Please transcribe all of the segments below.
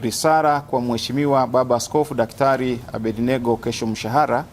risara kwa Mheshimiwa Baba Askofu Daktari Abednego Kesho Mshahara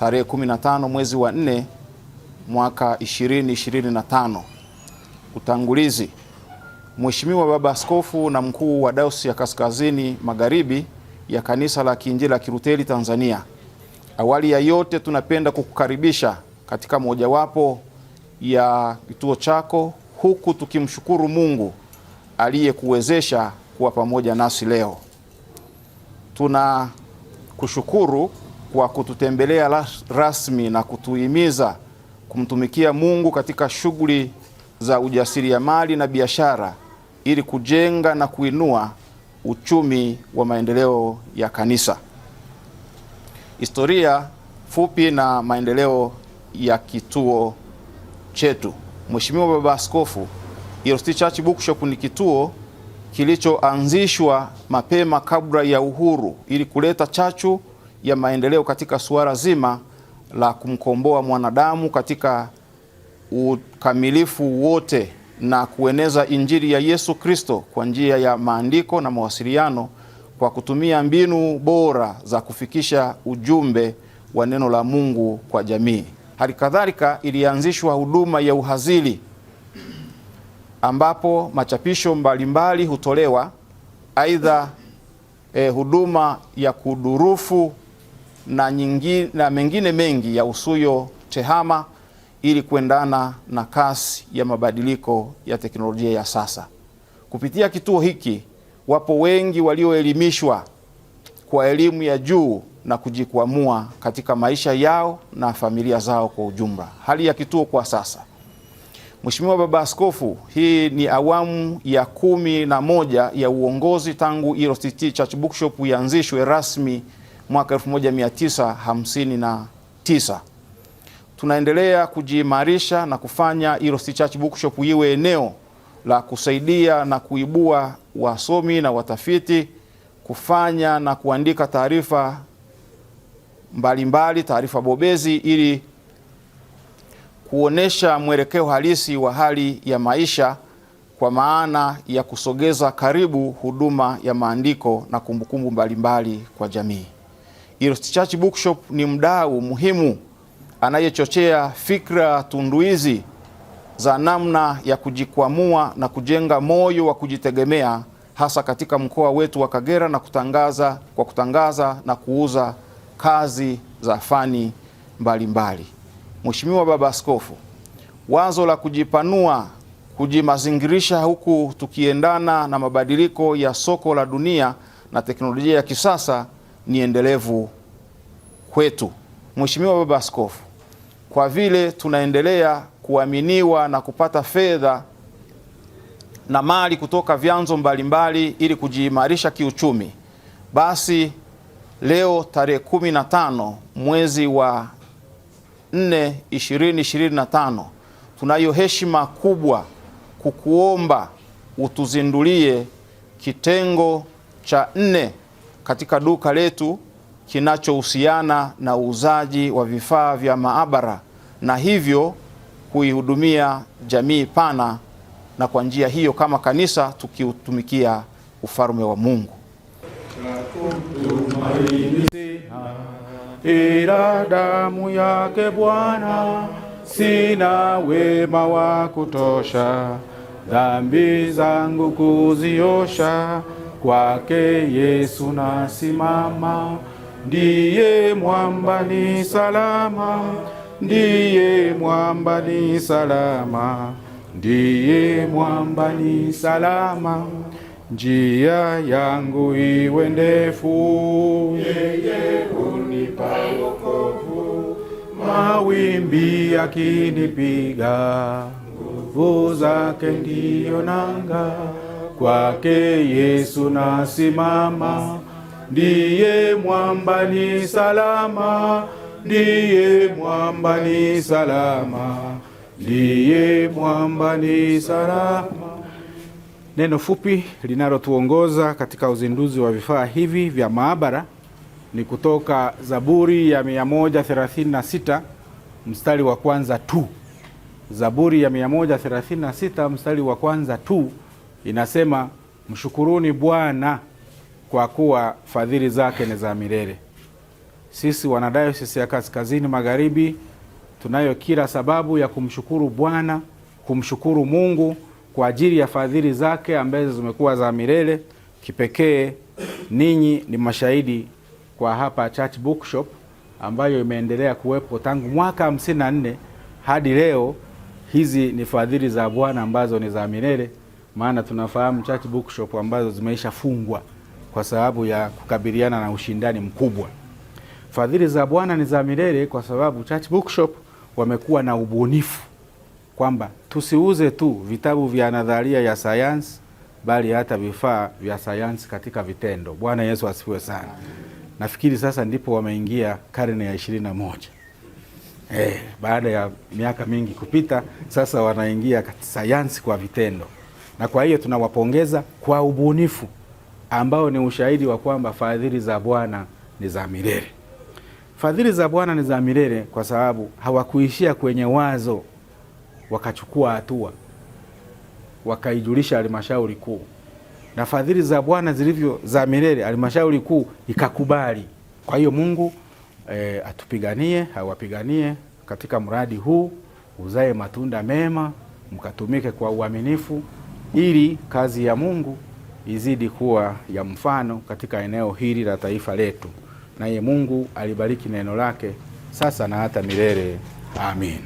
tarehe 15 mwezi wa 4 mwaka 2025. Utangulizi. Mheshimiwa Baba Askofu na mkuu wa Dayosisi ya Kaskazini Magharibi ya Kanisa la Kiinjili la Kilutheri Tanzania, awali ya yote tunapenda kukukaribisha katika mojawapo ya kituo chako huku tukimshukuru Mungu aliyekuwezesha kuwa pamoja nasi leo. tuna kushukuru kwa kututembelea rasmi na kutuhimiza kumtumikia Mungu katika shughuli za ujasiriamali na biashara ili kujenga na kuinua uchumi wa maendeleo ya kanisa. Historia fupi na maendeleo ya kituo chetu. Mheshimiwa Baba Askofu, Church Bookshop ni kituo kilichoanzishwa mapema kabla ya uhuru ili kuleta chachu ya maendeleo katika suala zima la kumkomboa mwanadamu katika ukamilifu wote na kueneza Injili ya Yesu Kristo kwa njia ya maandiko na mawasiliano kwa kutumia mbinu bora za kufikisha ujumbe wa neno la Mungu kwa jamii. Hali kadhalika ilianzishwa huduma ya uhazili ambapo machapisho mbalimbali hutolewa, aidha eh, huduma ya kudurufu na, nyingi, na mengine mengi ya usuyo tehama ili kuendana na kasi ya mabadiliko ya teknolojia ya sasa. Kupitia kituo hiki wapo wengi walioelimishwa kwa elimu ya juu na kujikwamua katika maisha yao na familia zao kwa ujumla. Hali ya kituo kwa sasa Mheshimiwa Baba Askofu, hii ni awamu ya kumi na moja ya uongozi tangu ELCT Church Bookshop ianzishwe rasmi mwaka 1959. Tunaendelea kujiimarisha na kufanya ELCT Church Bookshop iwe eneo la kusaidia na kuibua wasomi na watafiti kufanya na kuandika taarifa mbalimbali, taarifa bobezi ili kuonesha mwelekeo halisi wa hali ya maisha kwa maana ya kusogeza karibu huduma ya maandiko na kumbukumbu mbalimbali mbali kwa jamii. Hills Church Bookshop ni mdau muhimu anayechochea fikra tunduizi za namna ya kujikwamua na kujenga moyo wa kujitegemea hasa katika mkoa wetu wa Kagera na kutangaza kwa kutangaza na kuuza kazi za fani mbalimbali mbali. Mheshimiwa Baba Askofu, wazo la kujipanua, kujimazingirisha huku tukiendana na mabadiliko ya soko la dunia na teknolojia ya kisasa ni endelevu kwetu. Mheshimiwa Baba Askofu, kwa vile tunaendelea kuaminiwa na kupata fedha na mali kutoka vyanzo mbalimbali ili kujiimarisha kiuchumi, basi leo tarehe kumi na tano mwezi wa 4 2025, tunayo heshima kubwa kukuomba utuzindulie kitengo cha nne katika duka letu kinachohusiana na uuzaji wa vifaa vya maabara na hivyo kuihudumia jamii pana, na kwa njia hiyo kama kanisa tukiutumikia ufalme wa Mungu ila damu yake Bwana. Sina wema wa kutosha, dhambi zangu kuziosha. Kwake Yesu nasimama, ndiye mwamba ni salama, ndiye mwamba ni salama, ndiye mwamba ni salama. Njia yangu iwe ndefu, yeye hunipa wokovu. Mawimbi yakinipiga, nguvu zake ndiyo nanga. Kwake Yesu nasimama, ndiye mwamba ni salama, ndiye mwamba ni salama, ndiye mwamba ni salama Neno fupi linalotuongoza katika uzinduzi wa vifaa hivi vya maabara ni kutoka Zaburi ya 136 mstari wa kwanza tu. Zaburi ya 136 mstari wa kwanza tu inasema, mshukuruni Bwana kwa kuwa fadhili zake ni za milele. Sisi wanadayosisi ya Kaskazini Magharibi tunayo kila sababu ya kumshukuru Bwana, kumshukuru Mungu kwa ajili ya fadhili zake ambazo zimekuwa za milele. Kipekee ninyi ni mashahidi kwa hapa Church Bookshop ambayo imeendelea kuwepo tangu mwaka 54 hadi leo. Hizi ni fadhili za Bwana ambazo ni za milele, maana tunafahamu Church Bookshop ambazo zimeisha fungwa kwa sababu ya kukabiliana na ushindani mkubwa. Fadhili za Bwana ni za milele kwa sababu Church Bookshop wamekuwa na ubunifu kwamba tusiuze tu vitabu vya nadharia ya sayansi, bali hata vifaa vya sayansi katika vitendo. Bwana Yesu asifiwe sana. Nafikiri sasa ndipo wameingia karne ya ishirini na moja. Eh, baada ya miaka mingi kupita sasa wanaingia sayansi kwa vitendo, na kwa hiyo tunawapongeza kwa ubunifu ambao ni ushahidi wa kwamba fadhili za Bwana ni za milele. Fadhili za Bwana ni za milele kwa sababu hawakuishia kwenye wazo wakachukua hatua, wakaijulisha halmashauri kuu, na fadhili za Bwana zilivyo za milele, halmashauri kuu ikakubali. Kwa hiyo Mungu e, atupiganie, awapiganie katika mradi huu uzae matunda mema, mkatumike kwa uaminifu, ili kazi ya Mungu izidi kuwa ya mfano katika eneo hili la taifa letu. Naye Mungu alibariki neno lake sasa na hata milele. Amin.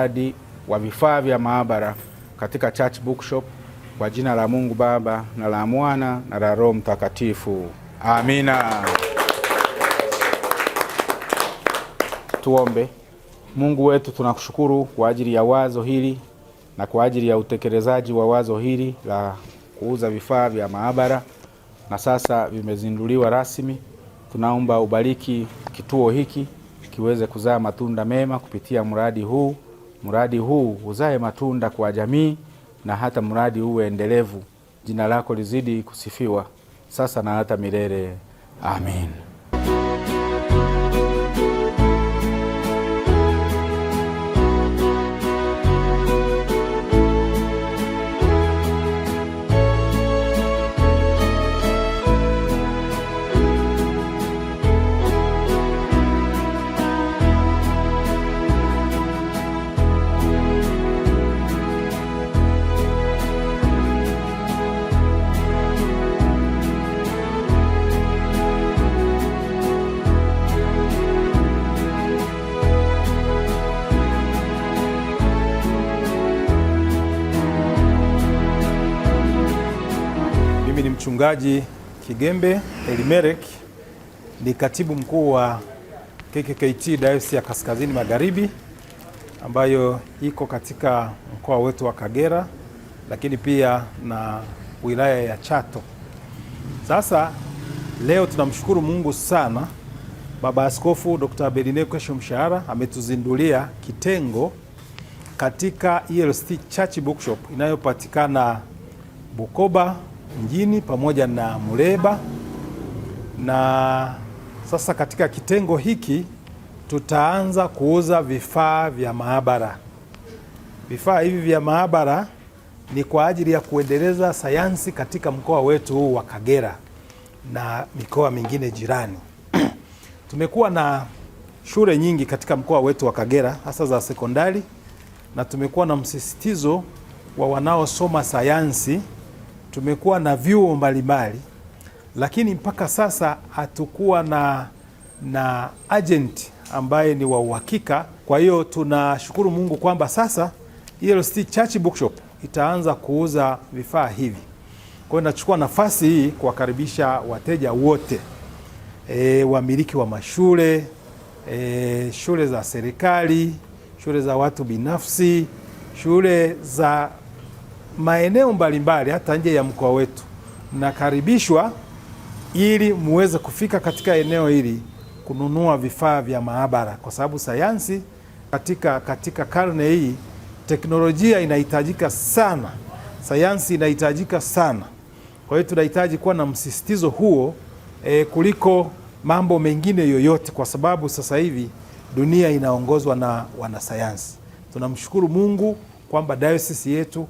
mradi wa vifaa vya maabara katika Church Bookshop kwa jina la Mungu Baba na la Mwana na la Roho Mtakatifu. Amina. Tuombe. Mungu wetu, tunakushukuru kwa ajili ya wazo hili na kwa ajili ya utekelezaji wa wazo hili la kuuza vifaa vya maabara na sasa vimezinduliwa rasmi. Tunaomba ubariki kituo hiki kiweze kuzaa matunda mema kupitia mradi huu mradi huu uzae matunda kwa jamii na hata mradi huu endelevu, jina lako lizidi kusifiwa sasa na hata milele. Amin. Mchungaji Kigembe Elimerek ni katibu mkuu wa KKKT Dayosisi ya Kaskazini Magharibi ambayo iko katika mkoa wetu wa Kagera, lakini pia na wilaya ya Chato. Sasa leo tunamshukuru Mungu sana, Baba Askofu Dr. Abednego Kesho Mshahara ametuzindulia kitengo katika ELCT Church Bookshop inayopatikana Bukoba mjini pamoja na Muleba, na sasa katika kitengo hiki tutaanza kuuza vifaa vya maabara. Vifaa hivi vya maabara ni kwa ajili ya kuendeleza sayansi katika mkoa wetu huu wa Kagera na mikoa mingine jirani. Tumekuwa na shule nyingi katika mkoa wetu wa Kagera hasa za sekondari, na tumekuwa na msisitizo wa wanaosoma sayansi tumekuwa na vyuo mbalimbali, lakini mpaka sasa hatukuwa na, na agent ambaye ni wa uhakika. Kwa hiyo tunashukuru Mungu kwamba sasa ELCT Church Bookshop itaanza kuuza vifaa hivi. Kwa hiyo nachukua nafasi hii kuwakaribisha wateja wote e, wamiliki wa mashule e, shule za serikali, shule za watu binafsi, shule za maeneo mbalimbali hata nje ya mkoa wetu, nakaribishwa ili muweze kufika katika eneo hili kununua vifaa vya maabara, kwa sababu sayansi katika, katika karne hii teknolojia inahitajika sana, sayansi inahitajika sana. Kwa hiyo tunahitaji kuwa na msisitizo huo e, kuliko mambo mengine yoyote, kwa sababu sasa hivi dunia inaongozwa na wanasayansi. Tunamshukuru Mungu kwamba dayosisi yetu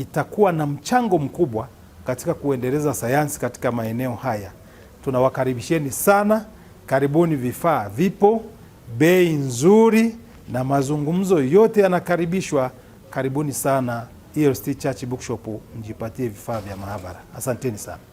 itakuwa na mchango mkubwa katika kuendeleza sayansi katika maeneo haya. Tunawakaribisheni sana, karibuni, vifaa vipo, bei nzuri na mazungumzo yote yanakaribishwa. Karibuni sana ELCT Church Bookshop, mjipatie vifaa vya maabara. Asanteni sana.